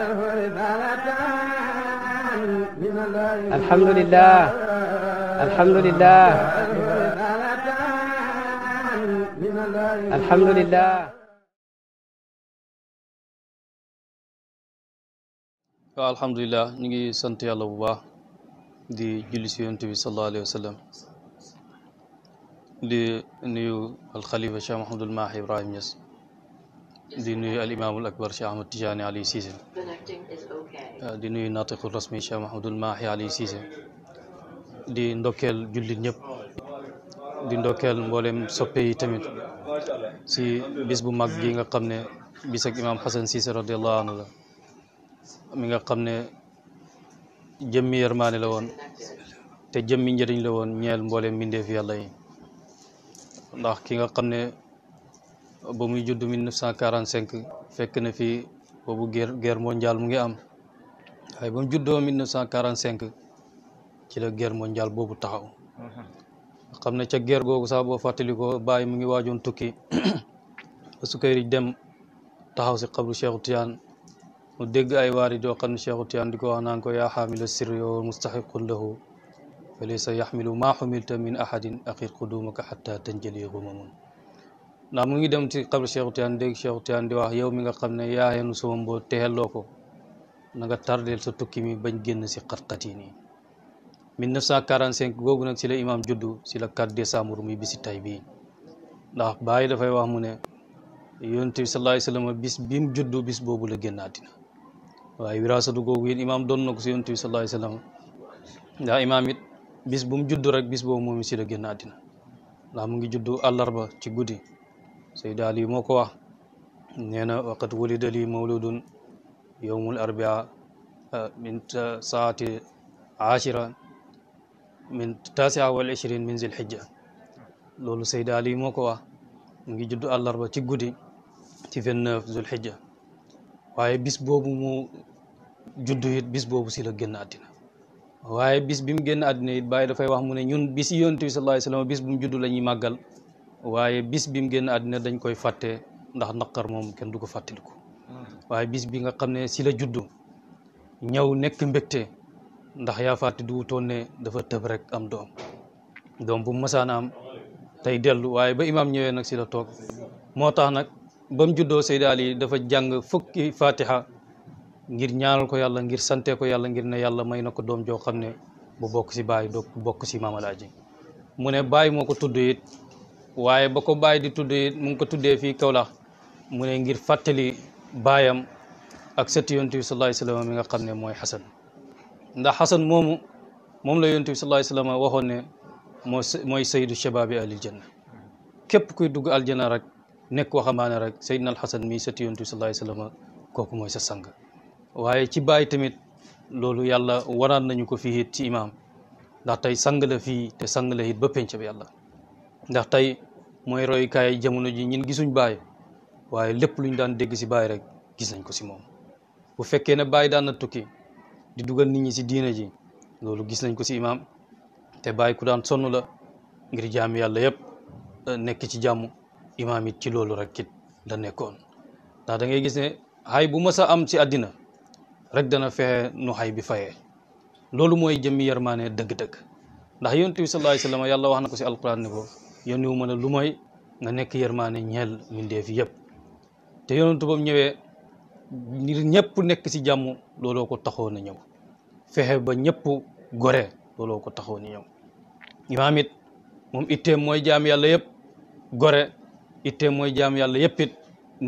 alhamdulilah alhamdulilah alhamdulilah waaw alhamdulilah ñu ngi sant yàlla bu baax di julli si yonent bi sallallahu alayhi wa sallam di nuyu alxalifa Cheikh Mahi Ibrahim Niass di nuyu al imaamul akbar Cheikh Ahmad Tijaani Ali Cissé Euh, di nuyu naatiqul rasmi Cheikh Mahamadul Mahi Ali Cissé di ndokkeel jullit ñëpp di ndokkeel mboolem soppe yi tamit si bis bu mag gi nga xam ne bis ak imaam Xasan Cissé radiallahu anhu la mi nga xam ne jëmmi yermaane la woon te jëmmi njëriñ la woon ñeel mboolem mbindeef yàlla yi ndax ki nga xam ne ba muy judd 1945 fekk na fi boobu guerre guerre mondiale mu ngi am waaye ba mu juddoo 1945 ci la guerre mondiale boobu taxaw xam ne ca guerre googu sax boo fàttalikoo bàyyi mu ngi waajoon tukki ba Sukayri dem taxaw si xabru Cheikhu Tiyaan mu dégg ay waari di ko wax ko yaa xaamila sirri yow lahu fa yaxmilu maa xumilta min ahadin axir qudumaka xatta tanjali xumamun ndax mu ngi dem ci xabru Cheikhu Tiyaan dégg Cheikhu di wax yow mi nga xam ne yaayeenu sama mboot teeloo ko na nga tardeel sa tukki mi bañ génn si xat ni yi nii 1945 googu nag si la imaam juddu si la 4 décembre muy bisi tay bii ndax bàyyi dafay wax mu ne yonent bi sallallahu alayhi wasallam bis bi mu bis boobu la génn àddina waaye wiraasatu googu it imaam doon na ko si yonent bi sallallahu alayhi wasallam ndax imaam it bis bu mu juddu rek bis boobu moom si la génn àddina ndax mu ngi juddu àllarba ci guddi Seydou Ali moo ko wax nee na waqat walida li mawludun yowmul arbia min saati ashira min tasia wal ishrin min zil hijja loolu Seydi Ali moo ko wax mu ngi juddu àllarba ci guddi ci vingt neuf zul hijja waaye bis boobu mu juddu it bis boobu si la génn àddina waaye bis bi mu génn àddina it bàyyi dafay wax mu ne ñun bis yonent bi sallallahu alayhi bis bu mu juddu la ñuy màggal waaye bis bi mu génn àddina dañ koy fàtte ndax naqar moom kenn du ko fàttaliku waaye bis bi nga xam ne si la juddu ñëw nekk mbégte ndax yaafaati du wutoon ne dafa tëb rek am doom doom bu masaan am tey dellu waaye ba imaam ñëwee nag si la toog moo tax nag ba mu juddoo Seydi Ali dafa jàng fukki fatiha ngir ñaanal ko yàlla ngir sante ko yàlla ngir ne yàlla may na ko doom joo xam ne bu bokk si baay do bokk si maam Alaaji mu ne baay moo ko tudd waaye ba ko baay di tudd it ko tuddee fii Kawlax mu ne ngir fàttali baayam ak sëtti yonent bi sallallahu alayhi mi nga xam ne mooy xasan ndax xasan moomu moom la yonent bi sallallahu alayhi wasallam waxoon ne moo mooy sayyidu shababi ahlil janna képp kuy dugg aljanna rek nekk waxambaane rek sayyidna al xasan mii sëtti yonent bi sallallahu alayhi wasallam kooku mooy sa sang waaye ci baay tamit loolu yàlla waraan nañu ko fii it ci imaam ndax tey sang la fii te sang la it ba penc bi yàlla ndax tey mooy royukaay jamono ji ñin gisuñ baay waaye lépp lu ñu daan dégg si bàyyi rek gis nañ ko si moom bu fekkee ne bàyyi daan na tukki di dugal nit ñi si diina ji loolu gis nañ ko si imaam te bàyyi ku daan sonn la ngir jaami yàlla yëpp eh, nekk ci jàmm imaam it ci loolu rek it la nekkoon ndax da ngay gis ne xay bu mës a am ci àddina rek dana fexe nu xay bi fayee loolu mooy jëmmi yarmaane dëgg-dëgg ndax yonent bi sallallahu alayhi wasallam yàlla wax na ko si alquran ne ko yónniwu ma la lu mooy nga nekk yarmaane ñeel mindeef yëpp te yonentu bam ñëwee ngir ñëpp nekk ci jàmm looloo ko taxoon na ñëw fexe ba ñëpp gore looloo ko taxoon na ñëw imaam it moom itteem mooy jàmm yàlla yëpp gore itteem mooy jàmm yàlla yëpp it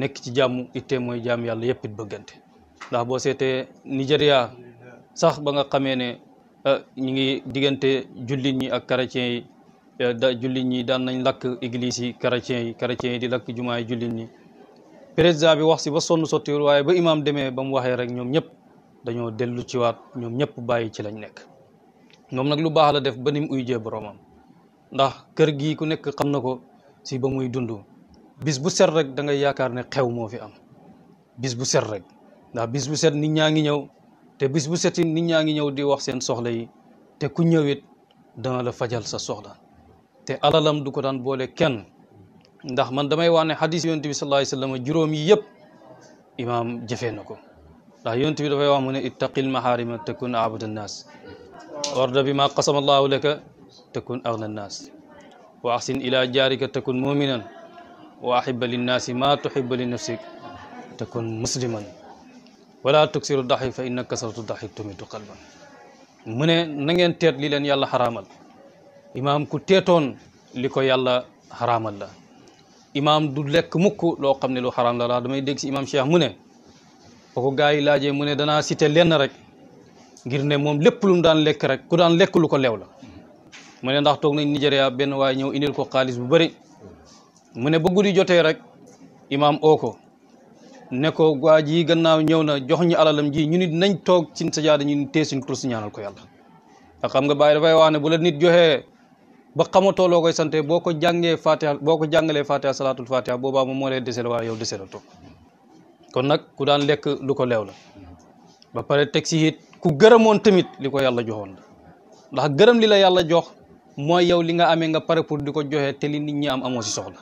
nekk ci jàmm itteem mooy jaam yàlla yëpp it bëggante ndax boo seetee Nigéria sax ba nga xamee ne eh, ñi ngi diggante jullit ñi ak chrétien yi eh, da jullit ñi daan nañ lakk église yi chrétien yi chrétien yi di lakk jumaa yi jullit ñi président bi wax si ba sonn sottiwul waaye ba imaam demee ba waxee rek ñoom ñëpp dañoo dellu ci waat ñoom ñëpp bàyyi ci lañ nekk moom nag lu baax la def ba ni mu uy jee boroomam ndax kër gi ku nekk xam na ko si ba muy dund bis bu set rek da ngay yaakaar ne xew moo fi am bis bu set rek ndax bis bu set nit ñaa ngi ñëw te bis bu set nit ñaa ngi ñëw di wax seen soxla yi te ku ñëwit dana la fajal sa soxla te alalam du ko daan boole kenn ndax man damay wax ne xadis yonent bi sallallahu alayhi wasallam juróom yi yëpp imaam jëfee na ko ndax yonent bi dafay wax mu ne ittaqil maharima takun abada nnaas warda bi ma qasama allahu laka takun agna nnaas wa ahsin ila jaarika takun muminan wa ahibba linnaasi ma tuhibba li nafsik takun musliman wala tuksiru daxi fa inna kasratu daxi tumitu qalban mu ne na ngeen teet li leen yàlla xaraamal imaam ku teetoon li ko yàlla xaraamal la imaam du lekk mukk loo xam ne lu xaraam la laa damay dégg si imaam Cheikh mu ne ba ko gars yi laajee mu ne danaa cité lenn rek ngir ne moom lépp lu mu daan lekk rek ku daan lekk lu ko leew la mu ne ndax toog nañ Nigéria benn waaye ñëw indil ko xaalis bu bëri mu ne ba guddi jotee rek imaam oo ko ne ko waa ji gannaaw ñëw na jox alalam ji ñu nit nañ toog ci sajaada ñu tee suñ kurus ñaanal ko yàlla. ndax xam nga bàyyi dafay wax ne bu la nit joxee ba xamatoo loo koy sante boo ko jàngee fatiha boo ko jàngalee fatiha salaatul fatiha boobaa moom moo lay desel waaye yow deselatoo kon nag ku daan lekk lu ko leew la ba pare teg si it ku gërëmoon tamit li ko yàlla joxoon la ndax gërëm li la yàlla jox mooy yow li nga amee nga pare pour di ko joxe te li nit ñi am amoo si soxla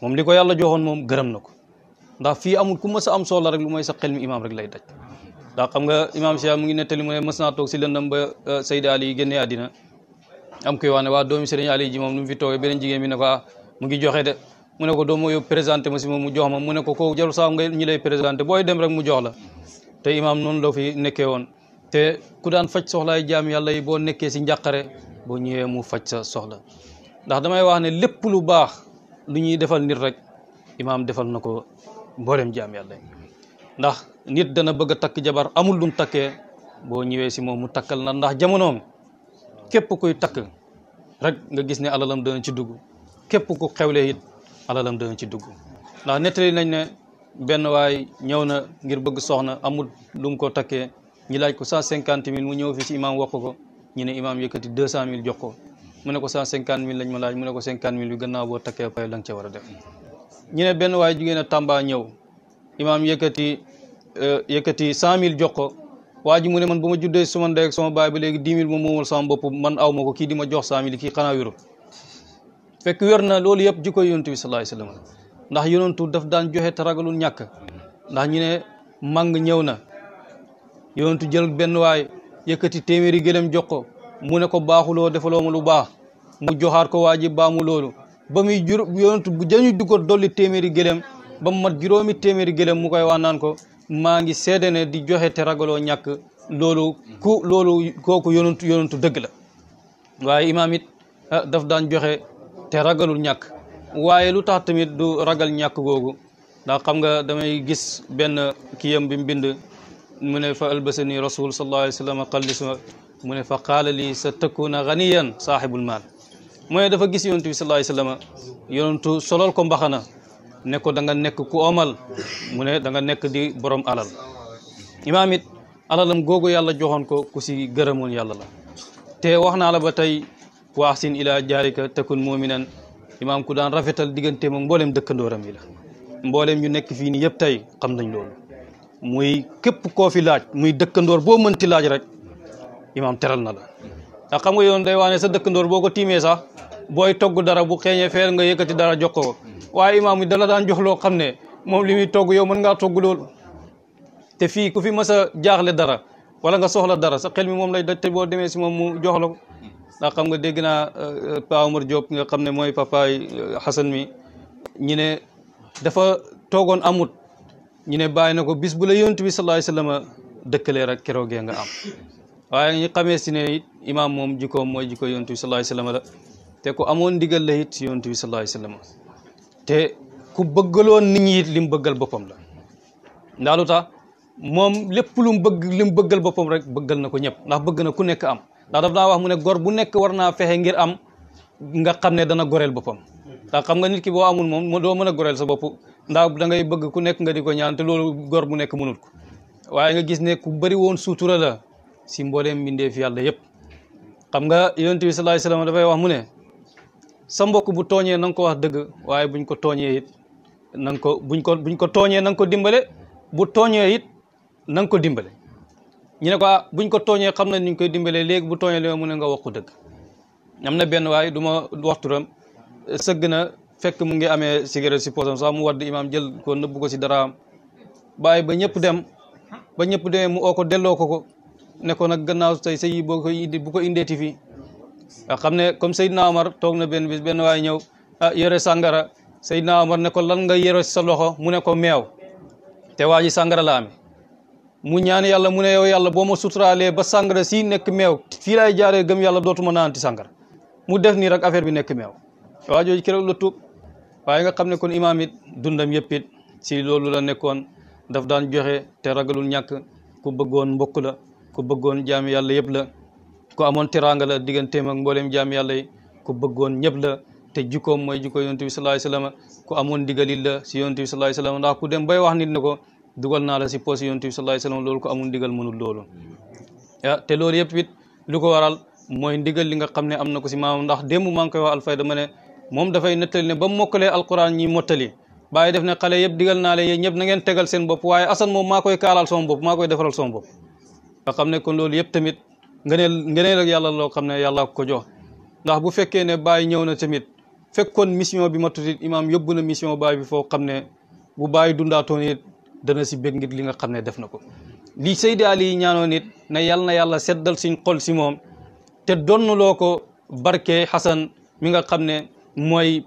moom li ko yàlla joxoon moom gërëm na ko ndax fii amul ku mës am soxla rek lu mooy sa xel mi imaam rek lay daj ndax xam nga imaam Cheikh mu ngi nettali mu ne mës naa toog si lëndam ba euh, Seydi Ali yi génnee àddina am kuy wax ne waa doomi Serigne Aliou ji moom nu mu fi toogee beneen jigéen bi ne ko ah mu ngi joxe de mu ne ko doo ma présenté ma si moom mu jox ma mu ne ko kooku jarul saa nga ñi lay présenté booy dem rek mu jox la te imaam noonu la fi nekkee woon te ku daan faj soxlaay jaam yàlla boo nekkee si njàqare boo ñëwee mu faj sa soxla ndax damay wax ne lépp lu baax lu ñuy defal nit rek imaam defal na ko mboolem jaam yàlla yi ndax nit dana bëgg takk jabar amul lum takkee boo ñëwee si moom mu takkal na ndax jamonoom képp kuy takk rek nga gis ne alalam dana ci dugg képp ku xewle it alalam dana ci dugg ndax nettali nañ ne benn waay ñëw na ngir bëgg soxna amul lu mu ko takkee ñi laaj ko cent cinquante mille mu ñëw fii ci imaam wax ko ñu ne imaam yëkkati deux cent mille jox mu ne ko cent cinquante mille lañ ma laaj mu ne ko cinquante mille bi gannaaw boo takkee pay la nga ca war a def ñu ne benn waay jugee na Tamba ñëw imaam yëkkati euh, yëkkati cent mille jox ko waa ji mu ne man bu ma juddee sama ndey ak sama baay ba léegi dix mille ma moomal sama bopp man aw ma ko kii di ma jox cent mille xanaa wérul fekk wér na loolu yëpp jikko yonent bi sallallahu alayhi wasallam ndax yonentu daf daan joxe te ragalul ñàkk ndax ñu ne màng ñëw na yonentu jël benn waay yëkkati téeméeri gëlëm jox ko mu ne ko baaxuloo defaloo ma lu baax mu joxaat ko waa ji baamu loolu ba muy jur yonentu bu jañu duggoon dolli téeméeri gëlëm ba mu mat juróomi téeméeri gëlëm mu koy naan ko maa ngi seede ne di joxe te ragaloo ñàkk loolu ku loolu kooku yonantu yonantu dëgg la waaye imaam it ah, daf daan joxe te ragalul ñàkk waaye lu tax tamit du ragal ñàkk googu ndax xam nga damay gis benn kiyam bi mu bind mu ne fa albasani rasul sallallahu alayhi wa mu ne fa qaala lii sa takkuuna ganiyan saaxibul maal mooy dafa gis yonantu solol ko mbaxana ne ko da nga nekk ku omal mu ne danga nekk di borom alal imaam it alalam googu yàlla joxoon ko ku si gërëmoon yàlla la te wax naa la ba tey wa ahsin ila jaarika takun muminan imaam ku daan rafetal diggante moom mbooleem dëkkandooram yi la mbooleem ñu nekk fii ni yëpp tey xam nañ loolu muy képp koo fi laaj muy dëkkandoor boo mënti laaj rek imaam teral na la ndax xam nga yoon sa dëkkandoor boo ko tiimee sax booy togg dara bu xeeñee feer nga yëkkati dara jox ko waaye imaam yi dala daan jox loo xam ne moom li muy togg yow man ngaa togg loolu te fii ku fi mas a jaaxle dara wala nga soxla dara sa xel mi moom lay daj te boo demee si moom mu jox la xam nga dégg naa euh, euh, Pa Omar nga xam ne mooy papaay euh, Xasan mi ñu ne dafa toogoon amut ñu ne bàyyi na ko bis bu la yonent bi sallallahu alayhi wasallam dëkkalee rek keroogee nga am waaye ñu xamee si ne it moom jikkoom mooy jikko yonent bi sallallahu alayhi wasallam la te ku amoon ndigal la it yonent bi sallallahu alayhi te ku bëggaloon nit ñi it lim bëggal boppam la ndax lu tax moom lépp lu mu bëgg lim bëggal boppam rek bëggal na ko ñëpp ndax bëgg na ku nekk am ndax daf daa wax mu ne gor bu nekk war naa fexe ngir am nga xam ne dana gorel boppam ndax xam nga nit ki boo amul moom mu doo mën a goreel sa bopp ndax da bëgg ku nekk nga di ko ñaan te gor bu nekk mënul ko waaye nga gis ne ku bari woon suutura la si mbooleem mbindeef yàlla yëpp nga yonent bi sallallahu alayhi sa mbokk bu tooñee na nga ko wax dëgg waaye buñ ko tooñee it na nga ko buñ ko buñ ko tooñee na nga ko dimbale bu tooñee it na ko dimbale ñu ne ko ah, buñ ko tooñee xam na ni ñu koy dimbalee léegi bu tooñee li mu ne nga wax ko dëgg am na benn waaye du ma waxturam sëgg na fekk mu ngi amee cigarette si poosam sax mu wadd imaam jël ko nëbb ko si dara am bàyyi ba ñëpp dem ba ñëpp demee mu oo ko delloo ko ko ne ko gannaaw tey sa yi boo ko indi bu ko indeeti fii nga ah, xam ne comme Seydina Omar toog na benn bis benn waay ñëw ah yore sàngara Seydina Omar ne ko lan nga yore sa loxo mu ne ko meew te waa ji sàngara la amee mu ñaan yàlla mu ne yow yàlla boo ma suturaalee ba sàngara si nekk meew fii laay jaaree gëm yàlla dootuma ti sàngar mu def nii rek affaire bi nekk meew waa jooju keroog la tuub waaye nga xam ne kon imaamit dundam yëpp si loolu la nekkoon daf daan joxe te ragalul ñàkk ku bëggoon mbokk la ku bëggoon jaami yàlla yëpp la ku amoon teraanga la digganteem ak mbooleem jaam yàlla yi ku bëggoon ñëpp la te jikkoom mooy jikko yonent bi sallallahu alayhi amoon digalil si yonent bi sallallahu alayhi ko dugal naa la loolu ah, te loolu yëpp it lu waral mooy ndigal li nga xam ne am na ko si maamam ndax démb maa ngi koy wax alfayda ma ne moom dafay nettali ne ba mokkalee alquran ñi mottali bàyyi def ne xale yëpp digal naa leen na ngeen tegal seen bopp waaye asan moom maa koy kaalal sama bopp maa ngene ngeneel ak yàlla loo xam ne yàlla ko jox ndax bu fekkee ne bàyyi ñëw na tamit fekkoon mission bi matut it imaam yóbbu na mission bàyyi bi foo xam ne bu bàyyi dundaatoon it dana si bég ngir li nga xam ne def na ko li Seydi Ali yi ñaanoon it ne yàlla na yàlla seddal suñ xol si moom te donnuloo ko barke Xasan mi nga xam ne mooy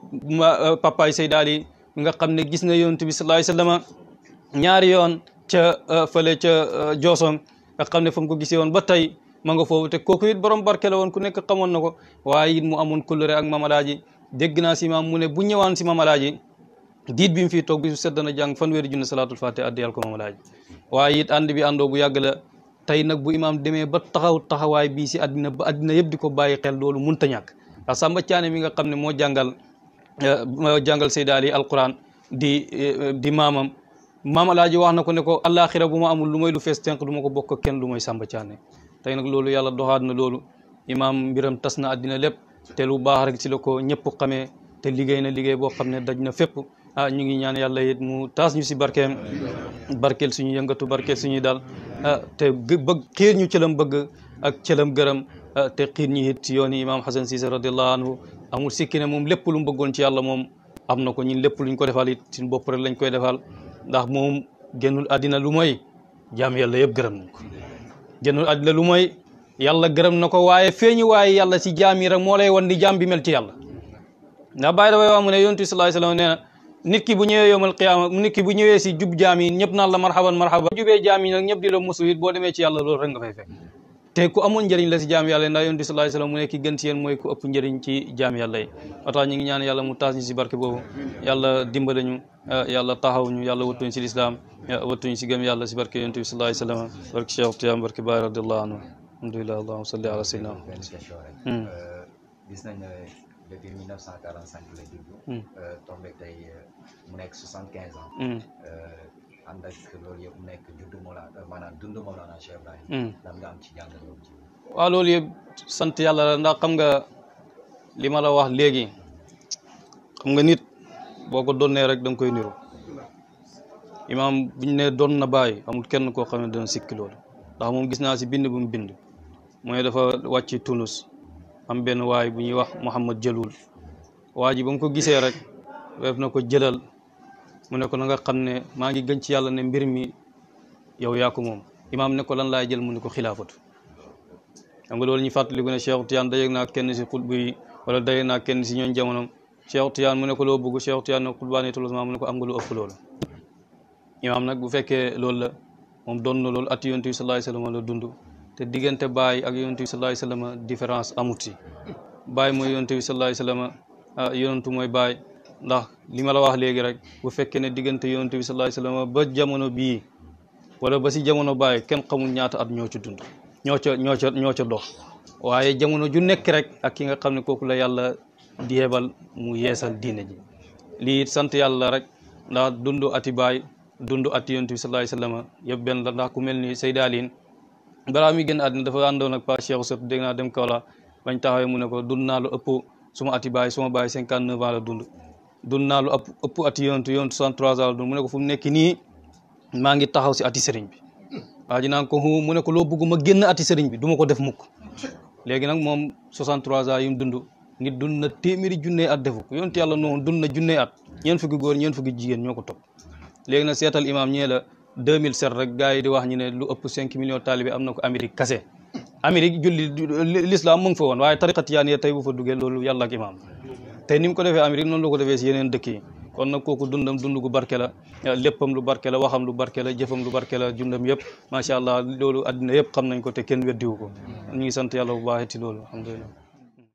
euh, papaay Seydi mi nga xam ne gis na yonent bi sallallahu alayhi wasallam ñaari yoon ca euh, fële ca euh, Joosong nga xam ne fa ko gisee woon ba tey ma nga foofu te kooku it borom barke la woon ku nekk xamoon na ko waaye it mu amoon kulure ak mamalaaji si maam mu ne bu ñëwaan si mamalaaji diit bi mu fii toog bisu sedd na jàng fanweeri junne salaatul fatiha addiyal ko mamalaaji waaye it ànd bi àndoo bu yàgg la tey nag bu imaam demee ba taxaw taxawaay bii si addina ba addina yëpp di ko bàyyi xel loolu munta ñàkk Samba Thiané mi nga xam ne moo jàngal eh, moo jàngal Seyda Ali alquran di eh, di maamam maam alaaji wax na ko ne ko àllaaxira bu ma amul lu may lu fees tenq lu ma ko bokk kenn lu may Samba Thiané tey nag loolu yàlla doxaat na loolu imaam mbiram tas na àddina lépp te lu baax rek ci la ko ñëpp xamee te liggéey na liggéey boo xam ne daj na fépp ah ñu ngi ñaan yàlla it mu taas ñu si barkeem barkeel suñu yëngatu barkeel suñuy daal ah te bëgg xiir ñu cëlam bëgg ak cëlam gërëm ah, te xiir ñu it yooni imaam Hassan Cissé radiallahu anhu amul sikki ne moom lépp lu mu bëggoon ci yàlla moom am na ko ñun lépp luñ ko defal it suñu bopp rek lañ koy defal ndax moom génnul àddina lu mooy jaam yàlla yëpp gërëm nañ ko génnul àddina lu mooy yàlla gërëm na ko waaye feeñu waaye yàlla si jaam yi rek moo lay wan di jaam bi mel ci yàlla ndax bàyyi dafay wax mu ne yonent bi sallallahu na nit ki bu ñëwee yowmal qiyaama nit ki bu ñëwee si jub jaam yi ñëpp naan la marhaban marhaban jubee jaam yi nag ñëpp di la musul it boo yàlla loolu rek nga fay fekk te ku amoon njëriñ la si jaam yàlla yi ndax yonent bi mu ne ki gën si mooy ku ëpp njëriñ ci jaam yàlla yi ñu ngi ñaan yàlla mu taas ñu si barke boobu yàlla dimbale ñu yàlla taxaw ñu yàlla wattuñ si lislaam wattuñ si gëm yàlla si barke yonent bi sallallahu alayhi wasallam barke Cheikh Tiyam barke Baye radiallahu anhu alhamdulilah allahumma salli ala sayyidina hmm. euh, gis nañ depuis ànd ak loolu yëpp nekk juddu Mawlana maanaam dundu Mawlana Cheikh Ibrahim. Hmm. lan sant yàlla la ndax xam nga li ma la wax léegi xam nga nit boo ko donnee rek da nga koy niru imaam bu ñu ne doon na bàyyi amul kenn koo xam ne dana sikki loolu ndax moom gis naa si bind bu mu bind mooy dafa wàcc Tunus am benn waay bu ñuy wax Mouhamad Jaloul waa ji ko gisee rek def na ko jëlal. mu ne ko la nga xam ne maa ngi gën ci yàlla ne mbir mi yow yaa imaam ne lan laay jël mu ne ko xilaafatu xam nga loolu ñu fàttaliku ne Cheikh Tidiane dajeeg naa kenn si xutbu yi wala dajeeg naa kenn si ñoom jamonoom Cheikh Tidiane mu ne ko loo bëgg Cheikh Tidiane xutbaane tulosment mu ne ko am nga lu ëpp loolu imaam nag bu fekkee loolu la moom doon na loolu at yonent bi sallallahu alayhi wasallam la dund te diggante baay ak yonent bi sallallahu alayhi wasallam différence amut si baay mooy yonent bi sallallahu alayhi ndax li ma la wax léegi rek bu fekkee ne diggante yonent bi sallallahu alayhi wasallam ba jamono bii wala ba si jamono bàyyi kenn xamul ñaata at ñoo ci dund ñoo ca ñoo ca ñoo ca dox waaye jamono ju nekk rek ak ki nga xam ne kooku la yàlla di yebal mu yeesal diine ji lii sant yàlla rek ndax dund ati baay dund ati yonent bi sallallahu alayhi wasallam yëpp benn la ndax ku mel ni Seydi liin balaa muy génn àddina dafa àndoon ak Pa Cheikh Sot dégg naa dem Kaolack bañ taxawee mu ne ko dund naa la ëpp suma ati baay suma baay cinquante neuf dund dund naa lu ëpp ëpp ati yontu yontu 63 ans mu ne ko fu nekk nii maa ngi taxaw si ati sëriñ bi waa ji naan ko mu ne ko loo bëgg ma génn ati sëriñ bi duma ko def mukk léegi nag moom 63 ans yu mu dund nit dund na téeméeri junnee at defu ko yontu yàlla noonu dund na junne at ñeent fukki góor ñeent fukki jigéen ñoo ko topp léegi na seetal imaam ñee la 2007 rek gars yi di wax ñu ne lu ëpp 5 millions taalibe am na ko Amérique kase Amérique julli l'islam mu ngi fa woon waaye tariqa tijaaniyya yàlla ak imaam tey ni mu ko defee Amérique noonu la ko defee si yeneen dëkk yi kon nag kooku dundam dund gu barke la léppam lu barke la waxam lu barke la jëfam lu barke la dundam yëpp macha allah loolu addina yëpp xam nañ ko te kenn weddiwu ko ñu ngi sant yàlla bu baax ci loolu alhamdulilah